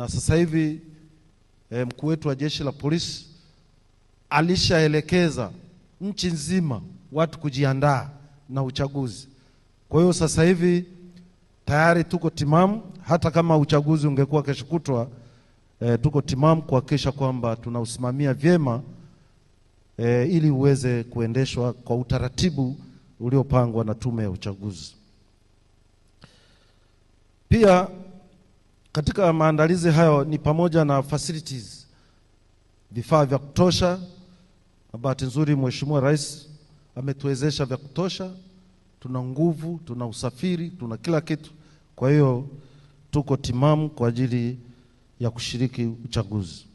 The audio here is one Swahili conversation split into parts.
Na sasa hivi e, mkuu wetu wa jeshi la polisi alishaelekeza nchi nzima watu kujiandaa na uchaguzi. Kwa hiyo sasa hivi tayari tuko timamu, hata kama uchaguzi ungekuwa kesho kutwa e, tuko timamu kuhakikisha kwamba tunausimamia vyema e, ili uweze kuendeshwa kwa utaratibu uliopangwa na Tume ya Uchaguzi. Pia katika maandalizi hayo ni pamoja na facilities, vifaa vya kutosha. Na bahati nzuri Mheshimiwa Rais ametuwezesha vya kutosha, tuna nguvu, tuna usafiri, tuna kila kitu. Kwa hiyo tuko timamu kwa ajili ya kushiriki uchaguzi.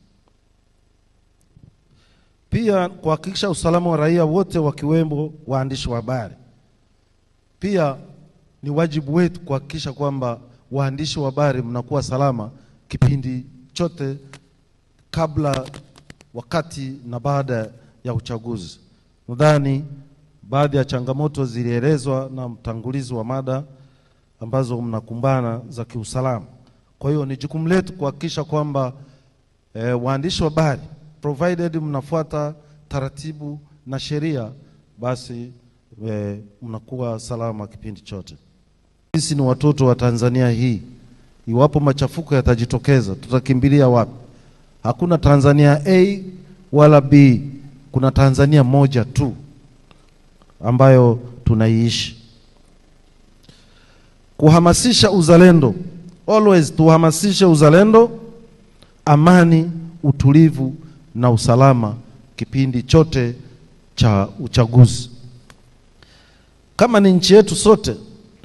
Pia kuhakikisha usalama wa raia wote wakiwemo waandishi wa habari. Pia ni wajibu wetu kuhakikisha kwamba waandishi wa habari mnakuwa salama kipindi chote kabla, wakati na baada ya uchaguzi. Nadhani baadhi ya changamoto zilielezwa na mtangulizi wa mada ambazo mnakumbana za kiusalama. Kwa hiyo ni jukumu letu kuhakikisha kwamba e, waandishi wa habari provided mnafuata taratibu na sheria, basi e, mnakuwa salama kipindi chote. Sisi ni watoto wa Tanzania hii, iwapo machafuko yatajitokeza, tutakimbilia wapi? Hakuna Tanzania A wala B, kuna Tanzania moja tu ambayo tunaiishi. Kuhamasisha uzalendo, always tuhamasishe uzalendo, amani, utulivu na usalama kipindi chote cha uchaguzi. Kama ni nchi yetu sote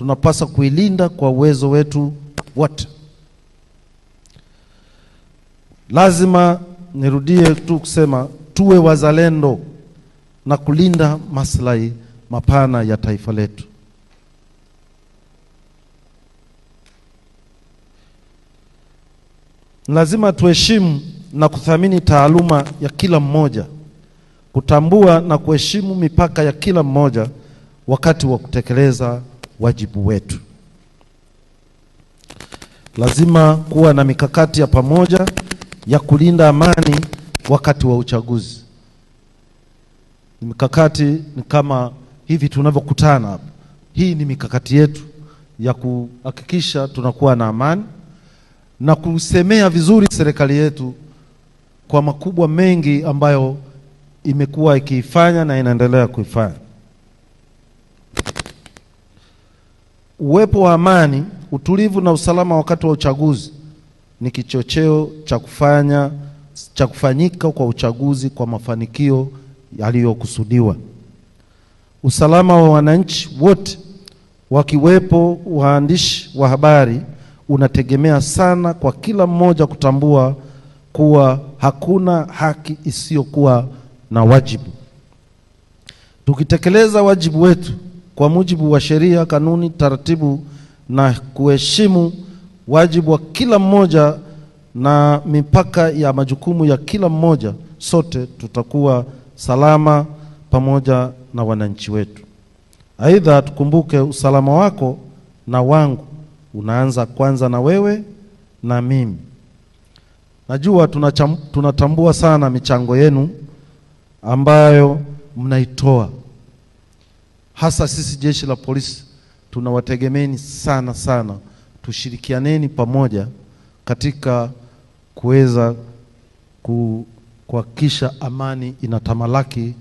tunapaswa kuilinda kwa uwezo wetu wote. Lazima nirudie tu kusema tuwe wazalendo na kulinda maslahi mapana ya taifa letu. Lazima tuheshimu na kuthamini taaluma ya kila mmoja, kutambua na kuheshimu mipaka ya kila mmoja wakati wa kutekeleza wajibu wetu. Lazima kuwa na mikakati ya pamoja ya kulinda amani wakati wa uchaguzi. Mikakati ni kama hivi tunavyokutana hapa, hii ni mikakati yetu ya kuhakikisha tunakuwa na amani na kusemea vizuri serikali yetu kwa makubwa mengi ambayo imekuwa ikiifanya na inaendelea kuifanya. Uwepo wa amani, utulivu na usalama wakati wa uchaguzi ni kichocheo cha kufanya cha kufanyika kwa uchaguzi kwa mafanikio yaliyokusudiwa. Usalama wa wananchi wote wakiwepo waandishi wa habari unategemea sana kwa kila mmoja kutambua kuwa hakuna haki isiyokuwa na wajibu. Tukitekeleza wajibu wetu kwa mujibu wa sheria, kanuni, taratibu na kuheshimu wajibu wa kila mmoja na mipaka ya majukumu ya kila mmoja, sote tutakuwa salama pamoja na wananchi wetu. Aidha, tukumbuke usalama wako na wangu unaanza kwanza na wewe na mimi. Najua tunacham, tunatambua sana michango yenu ambayo mnaitoa hasa sisi jeshi la polisi tunawategemeni sana sana. Tushirikianeni pamoja katika kuweza kuhakikisha amani inatamalaki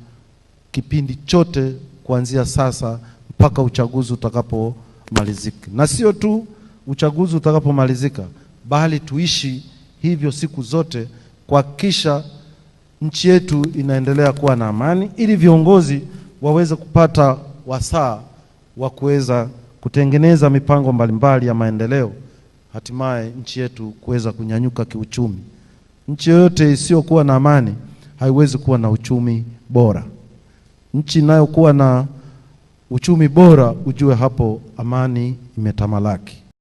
kipindi chote kuanzia sasa mpaka uchaguzi utakapomalizika, na sio tu uchaguzi utakapomalizika, bali tuishi hivyo siku zote kuhakikisha nchi yetu inaendelea kuwa na amani, ili viongozi waweze kupata wasaa wa kuweza kutengeneza mipango mbalimbali ya maendeleo, hatimaye nchi yetu kuweza kunyanyuka kiuchumi. Nchi yoyote isiyokuwa na amani haiwezi kuwa na uchumi bora. Nchi inayokuwa na uchumi bora, ujue hapo amani imetamalaki.